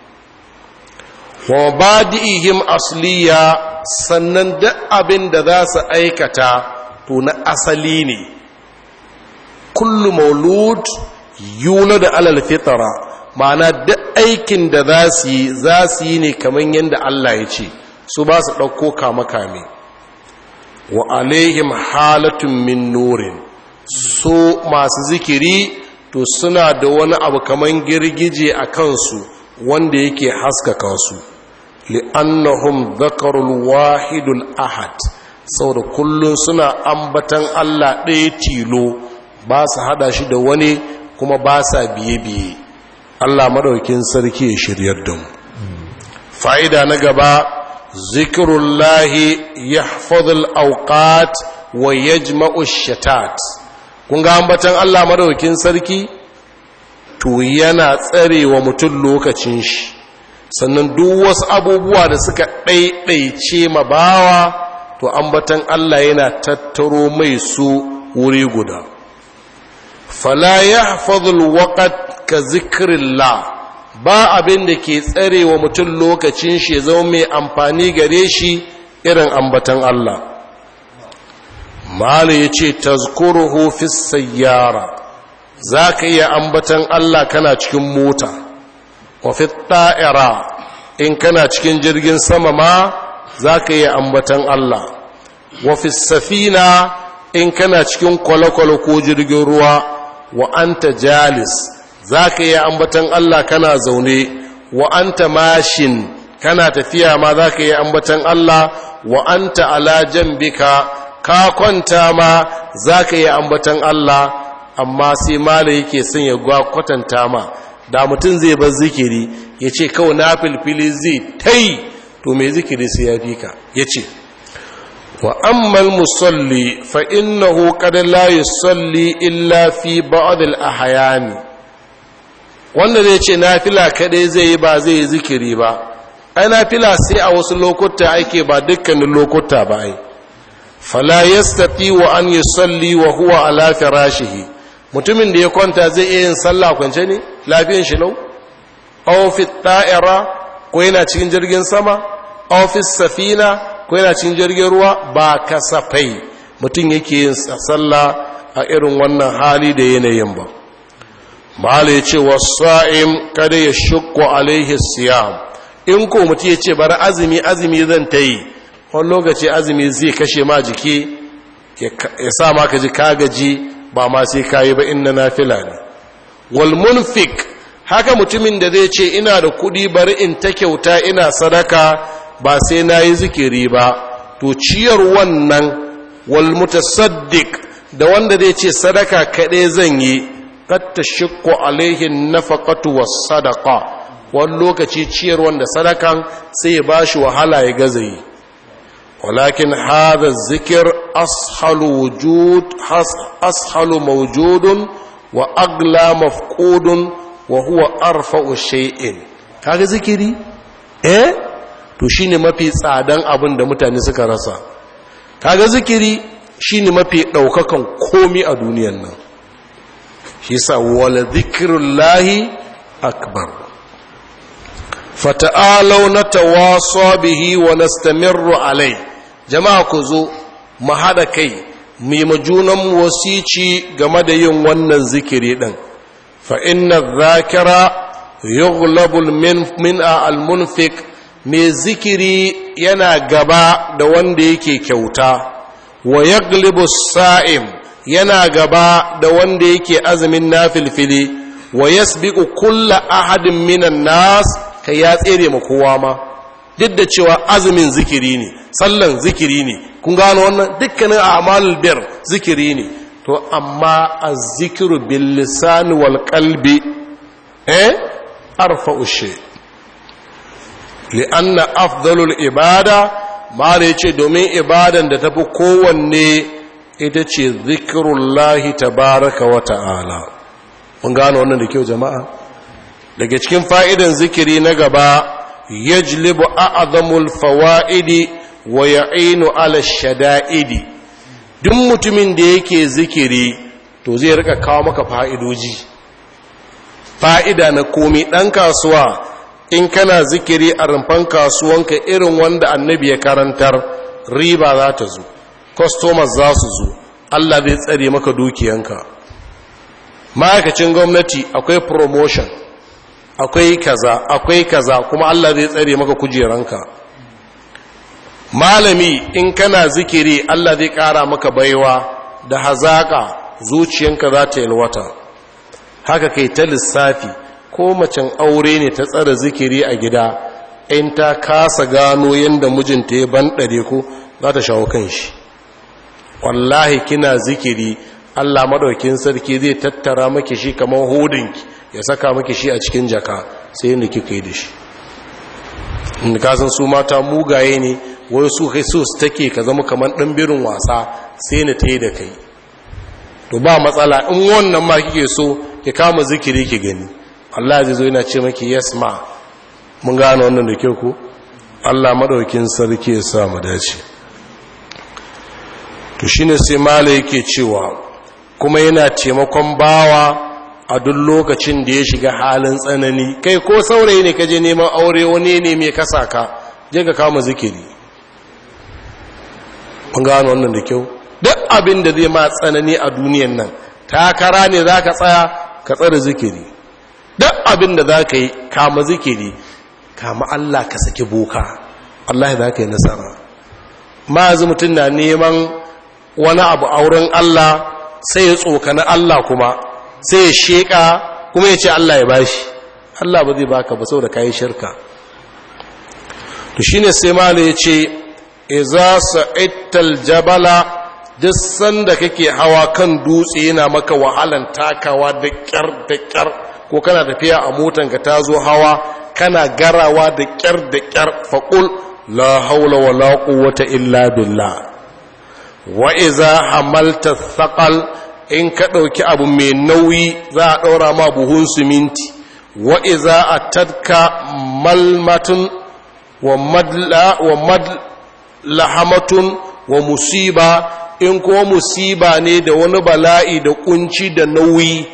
wa badi'ihim asliya sannan duk abin da za su aikata to na asali ne Kullum maulud wuna da alal fitara ma'ana duk aikin da za su yi za su yi ne kamar yadda Allah ya ce su ba su ɗauko kame-kame wa alaihim halatun min nurin so masu zikiri to suna da wani abu kamar girgije a kansu wanda yake haskaka su li'annahum zakarul wahidul ahad saboda kullum suna ambatan Allah ɗaya tilo ba su hada shi da wani kuma ba sa biye-biye Allah maɗaukin sarki ya shiryar da mu fa'ida na gaba zikirullahi ya fadil auqat wa yajma'u shatat kun ga ambatan Allah maɗaukin sarki to yana tsare wa mutum lokacin shi sannan duk wasu abubuwa da suka ɗaiɗaice ma bawa to ambatan Allah yana tattaro mai su wuri guda fala yahfazul waqt ka zikirillah ba abin da ke tsare wa mutum lokacin shi zama mai amfani gare shi irin ambatan Allah malu ya ce tazkuruhu fi sayyara za ka iya ambatan Allah kana cikin mota wa ta'ira in kana cikin jirgin sama ma za ka iya ambatan Allah wa safina in kana cikin kwale ko jirgin ruwa wa ta jalis za ka yi ambatan Allah kana zaune wa mashin kana tafiya ma za ka yi ambatan Allah wa alajan bika bika ka kwanta ma za ka yi ambatan Allah amma sai mala yake son ya gwa kwatanta ma da mutum zai bar zikiri ya ce kawai na filfili zai ta yi to mai zikiri sai ya fi ka ya ce wa ammal musalli fa innahu qad la yusalli illa fi ba'd al ahyani wanda zai ce nafila kaɗai zai yi ba zai yi zikiri ba ai nafila sai a wasu lokuta ake ba dukkanin lokuta ba ai fala yastati wa an yusalli wa huwa ala firashihi mutumin da ya kwanta zai iya yin sallah kwance ne lafiyan shi lau aw fi ko yana cikin jirgin sama aw fi safina ko yana cikin jirgin ruwa ba kasafai mutum yake yin sallah a irin wannan hali da yanayin ba malai ya ce sa'im kada ya shukku alaihi siyam in ko mutu ya ce bari azumi azumi zan ta yi wani lokaci azumi zai kashe ma jiki ya sa ma ka ji ka gaji ba ma sai ka yi ba ina na fila ne walmunfik haka mutumin da zai ce ina da kudi bari in ta kyauta ina sadaka ba sai na yi zikiri ba to ciyar wannan walmutasaddik da wanda zai ce sadaka kaɗai zan yi qad tashqu alaihi nafaqatu was sadaqa wani lokaci ciyar wanda sadakan sai ya bashi wahala ya gazayi walakin hadha zikir ashalu wujud ashalu mawjudun wa agla mafqudun wa huwa arfa'u shay'in kaga zikiri eh to shine mafi tsadan abin da mutane suka rasa kaga zikiri shine mafi daukakan komi a duniyar nan shi sa zikirun lahi akbar fata'alau na tawaso bihi wa nastamirru alai jama'a ku zo mu haɗa kai mu yi majunan wasici game da yin wannan zikiri ɗin fa inna zakira yughlabul min a almunfik mai zikiri yana gaba da wanda yake kyauta wa yaglibu sa'im yana gaba da wanda yake azumin nafilfili wa yasbiqu kulla ahadin minan nas kai ya tsere ma kowa ma duk da cewa azumin zikiri ne sallan zikiri ne kun gano wannan dukkanin a'malul bir zikiri ne to amma zikiru bil lisan wal qalbi eh arfa'u shay li'anna afdalul ibada mala ce domin ibadan da tafi kowanne ita ce zikirullahi tabaraka wata wata'ala mun gano wannan da kyau jama'a daga cikin fa'idan zikiri na gaba yajlibu a'zamul fawaidi wa ainu ala shada'idi duk mutumin da yake zikiri to zai rika kawo maka fa'idoji fa'ida na komi ɗan kasuwa in kana zikiri a rumfan kasuwanka irin wanda annabi ya karantar riba za ta zo customers za su zo Allah zai tsare maka dukiyanka ma'aikacin gwamnati akwai promotion akwai kaza akwai kaza kuma Allah zai tsare maka kujeranka malami in kana zikiri Allah zai kara maka baiwa da hazaka zuciyanka za ta yalwata haka kai ta lissafi ko macen aure ne ta tsara zikiri a gida in ta kasa gano yadda mijinta ya banɗare ko za ta shawo kan shi wallahi kina zikiri Allah madaukin sarki zai tattara miki shi kamar hudinki ya saka miki shi a cikin jaka sai ni kika yi da shi in ka san su mata mugaye ne wai su kai su take ka zama kamar dan birin wasa sai ni tayi da kai to ba matsala in wannan ma kike so ki kama zikiri ki gani Allah zai zo yana ce miki yasma ma mun gane wannan da kyau ko Allah madaukin sarki ya sa mu dace to shine sai mala yake cewa kuma yana taimakon bawa a duk lokacin da ya shiga halin tsanani kai ko saurayi ne kaje neman aure wani ne mai kasa ka je ga kama zikiri kun gano wannan da kyau duk abin da zai ma tsanani a duniyan nan takara ne za ka tsaya ka tsara zikiri duk abin da za ka yi kama zikiri kama Allah ka saki boka Allah za ka yi nasara yanzu mutum na neman wani abu a wurin Allah sai ya na Allah kuma sai ya sheka kuma ya ce Allah ya bashi Allah ba zai baka ba saboda kayan shirka to shine sai malai ya ce iza Ital jabala duk sanda kake hawa kan dutse yana maka wahalan takawa da kyar da kyar ko kana tafiya a motan ka tazo hawa kana garawa da kyar da kyar faƙul la haula wa la quwwata illa billah wa iza hamalta thaqal in ka ɗauki abu mai nauyi za a ɗaura ma buhun siminti wa iza atadka malmatun wa madla wa madlahamatun wa musiba in ko musiba ne da wani bala'i da kunci da nauyi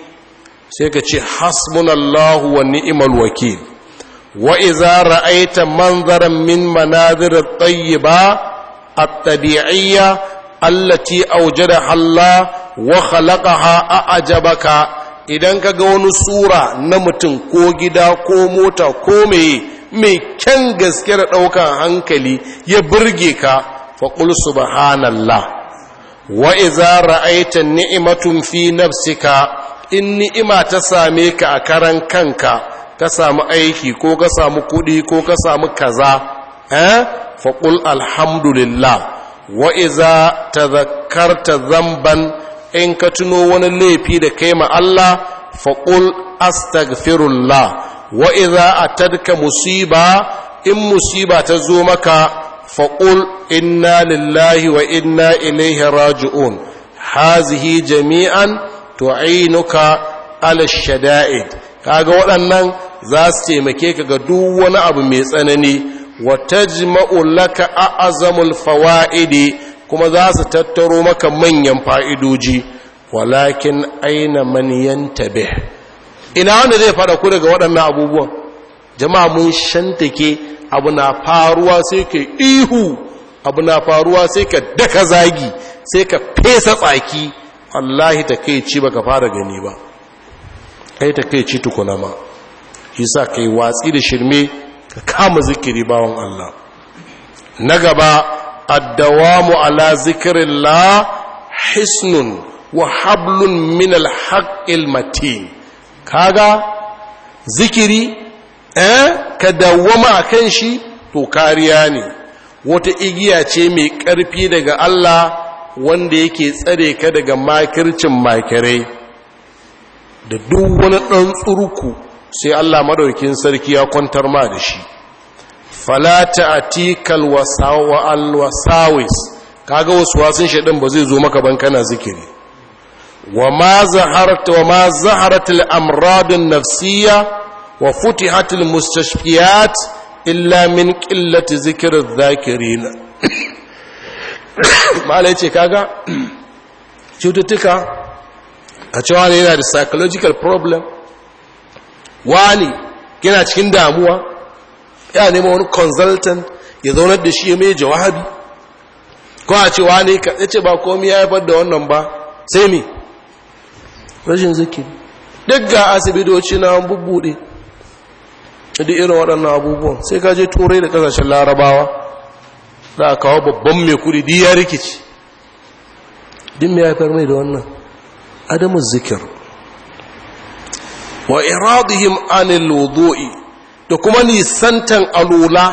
sai ka ce hasbunallahu wa ni'mal wakil wa iza ra'aita manzaran min manazir at-tayyiba at-tabi'iyya allati aujada Allah wa khalaqaha a'jabaka idan ka ga wani sura na mutum ko gida ko mota ko meye mai kyan gaske da daukan hankali ya burge ka fa subhanallah wa idza ra'aita ni'matun fi nafsika in ni'ima ta same ka a karan kanka ka samu aiki ko ka samu kuɗi ko ka samu kaza eh fa qul alhamdulillah wa iza zakarta zamban in ka tuno wani laifi da kai ma Allah faƙul astaghfirullah wa iza atadka musiba in musiba ta zo maka Faƙul inna lillahi wa inna ilaihi raji'un hazihi jami'an tu'inuka ala shada'id kaga waɗannan za su taimake ka ga duk wani abu mai tsanani wa tajma'u laka a'zamul fawaidi kuma za su tattaro maka manyan fa'idoji walakin aina man yantabe ina wanda zai fada ku daga waɗannan abubuwan jama'a mun shantake abu na faruwa sai ka ihu abu na faruwa sai ka daka zagi sai ka fesa tsaki wallahi takeici baka fara gani ba kai takeici tukuna ma yasa kai watsi da shirme ka kama zikiri bawan Allah na gaba addawamu ala zikirin hisnun wa hablun min alhaqqil matin kaga zikiri eh ka dawwama kan shi to kariya ne wata igiya ce mai ƙarfi daga Allah wanda yake tsare ka daga makircin makirai da duk wani ɗan tsurku sai Allah madaukin sarki ya kwantar ma da shi falata ta'tikal wasawa al wasawis kaga waswasin shedin ba zai zo maka ban kana zikiri wa ma zaharat nafsiyya wa futihat al mustashfiyat illa min qillati zikr al (coughs) malai ce kaga cututtuka a cewa yana da psychological problem wani yana cikin damuwa ya nema wani consultant ya zaunar da shi ya mai jawabi ko a ce wani ka ce ba komi ya haifar da wannan ba sai mi rashin zikin. duk ga asibitoci na bubbuɗe da irin waɗannan abubuwan sai ka je turai da ƙasashen larabawa za a kawo babban mai kudi di rikici din mai haifar mai da wannan adamu zikir wa iradihim anil wudu'i da kuma nisantan alula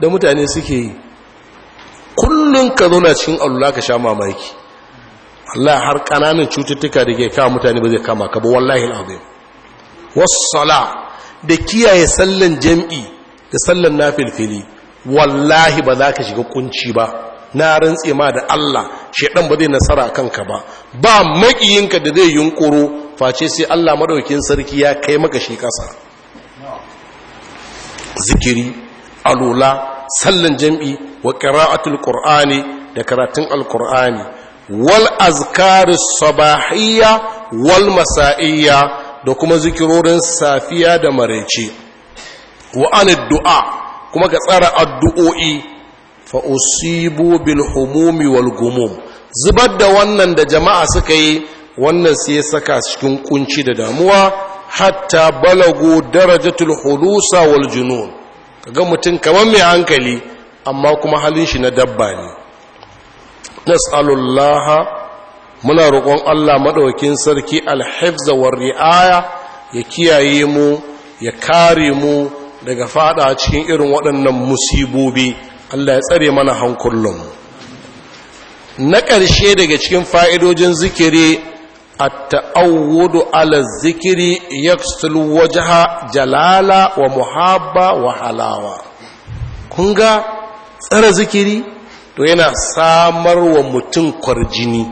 da mutane suke yi kullun ka zauna cikin alula ka sha mamaki Allah har kananan cututtuka da ke kawo mutane ba zai kama ka ba wallahi alazim wassala da kiyaye sallan jam'i da sallan nafilfili wallahi ba za ka shiga kunci ba na rantse ma da Allah shedan ba zai nasara kanka ba ba makiyinka da zai yunkuro face sai Allah madaukin sarki ya kai maka shi kasa zikiri alula sallan jam'i wa qira'atul qur'ani da karatun alqur'ani wal azkar sabahiyya wal masa'iyya da kuma zikirorin safiya da maraice wa anad du'a kuma ka tsara addu'o'i fa usibu bil humumi wal gumum zubar da wannan da jama'a suka yi wannan sai ya saka cikin kunci da damuwa hatta balagu darajatul hulusa wal junun kaga mutum kamar mai hankali amma kuma halin shi na dabba ne nas'alullaha muna roƙon Allah madaukakin sarki alhifza war riaya ya kiyaye mu ya kare mu daga fada cikin irin waɗannan musibobi Allah ya tsare mana hankullum na ƙarshe daga cikin fa'idojin zikiri a ta'awudu ala zikiri ya wajaha jalala wa muhabba wa halawa kun ga tsara zikiri to yana samar wa mutum kwarjini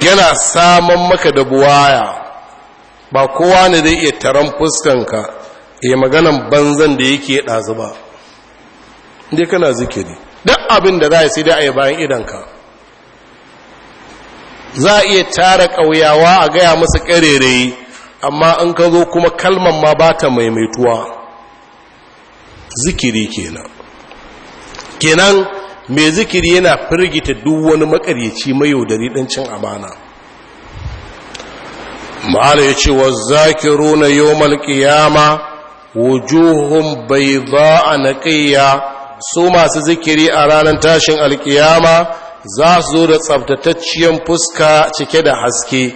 yana saman maka da buwaya ba kowa ne zai iya taron fuskanka ya maganan banzan da yake ɗazu ba inda kana zikiri duk abin da za a sai dai a yi bayan idanka za a iya tara ƙauyawa a gaya masa ƙarerayi amma in ka zo kuma kalman ma ba ta maimaituwa zikiri kenan kenan mai zikiri yana firgita duk wani makaryaci mai yaudari ɗan cin amana ma'ana ya ce wa zakiru na yau malƙiyama wujuhun bai za a naƙayya su masu zikiri a ranar tashin alkiyama za su zo da tsabtatacciyar fuska cike da haske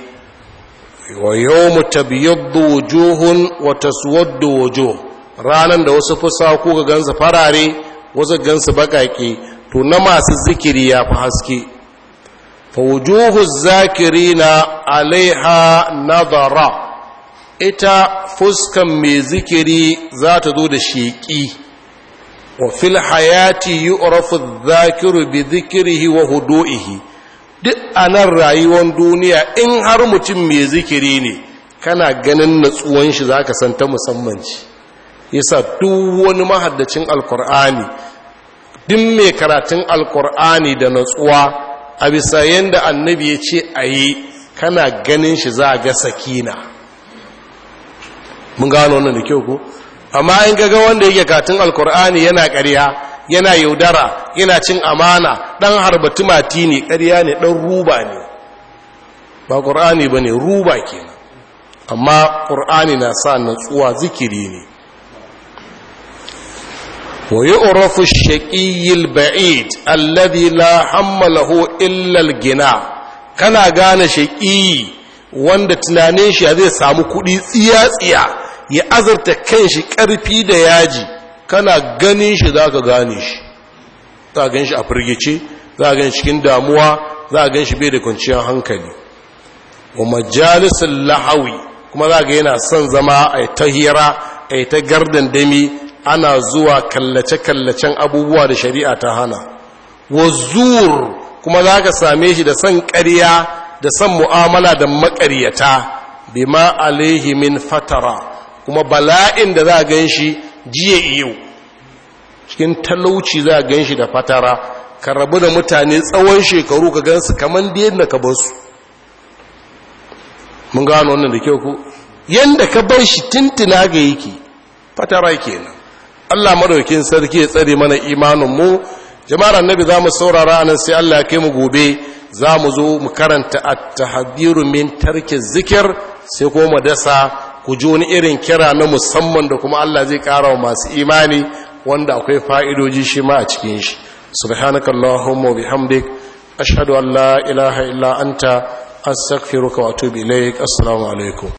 wa yau mu tabiyyaddu wujuhun wa taswaddu wujo ranar da wasu fusa ko ga gansu farare wasu gansu bakake to na masu zikiri ya fi haske fa wujuhu na alaiha nadara ita fuskan mai zikiri za ta zo da sheƙi wa fil hayati yu'rafu adh-dhakiru bi dhikrihi wa duk anan rayuwar duniya in har mutum mai zikiri ne kana ganin natsuwan shi zaka san ta musamman ci yasa duk wani mahaddacin alkur'ani duk mai karatun alkur'ani da natsuwa a bisa yadda annabi ya ce a yi kana ganin shi za a ga sakina mun gano wannan da kyau ko amma in gaga wanda yake katin alkur'ani yana ƙarya yana yaudara yana cin amana ɗan harbatu mati ne ƙarya ne ɗan ruba ne ba ƙur'ani ba ruba kenan amma ƙur'ani na sa natsuwa zikiri ne ويعرف الشقي ba'id الذي la هم له illal gina kana gane شقي wanda tunanin shi zai samu kuɗi tsiya-tsiya ya azarta kan shi ƙarfi da yaji kana ganin shi za ka gane shi za gan shi a firgice za gan shi cikin damuwa za gan shi bai da kwanciyar hankali wa majalisun lahawi kuma za ga yana son zama a ta hira a ta gardan dami ana zuwa kallace-kallacen abubuwa da shari'a ta hana wa zur kuma za ka same shi da son ƙarya da son mu'amala da maƙaryata bima alaihi min fatara kuma bala'in da za a gan shi jiya iyo cikin talauci za a gan shi da fatara ka rabu da mutane tsawon shekaru ka gan su kamar da yadda ka bar su mun gano wannan da kyau ku yadda ka bar shi tintina ga yake fatara kenan Allah madaukin sarki ya tsare mana imaninmu. jama'ar annabi za mu saurara nan sai Allah ya kai mu gobe za mu zo mu karanta at-tahdhiru min tarkin zikir sai ko mu dasa ku ji wani irin kira na musamman da kuma Allah zai ƙara wa masu imani wanda akwai fa'idoji shi ma a cikin shi subhanakallahumma bihamdik ashhadu an la ilaha illa anta astaghfiruka wa atubu ilaik assalamu alaikum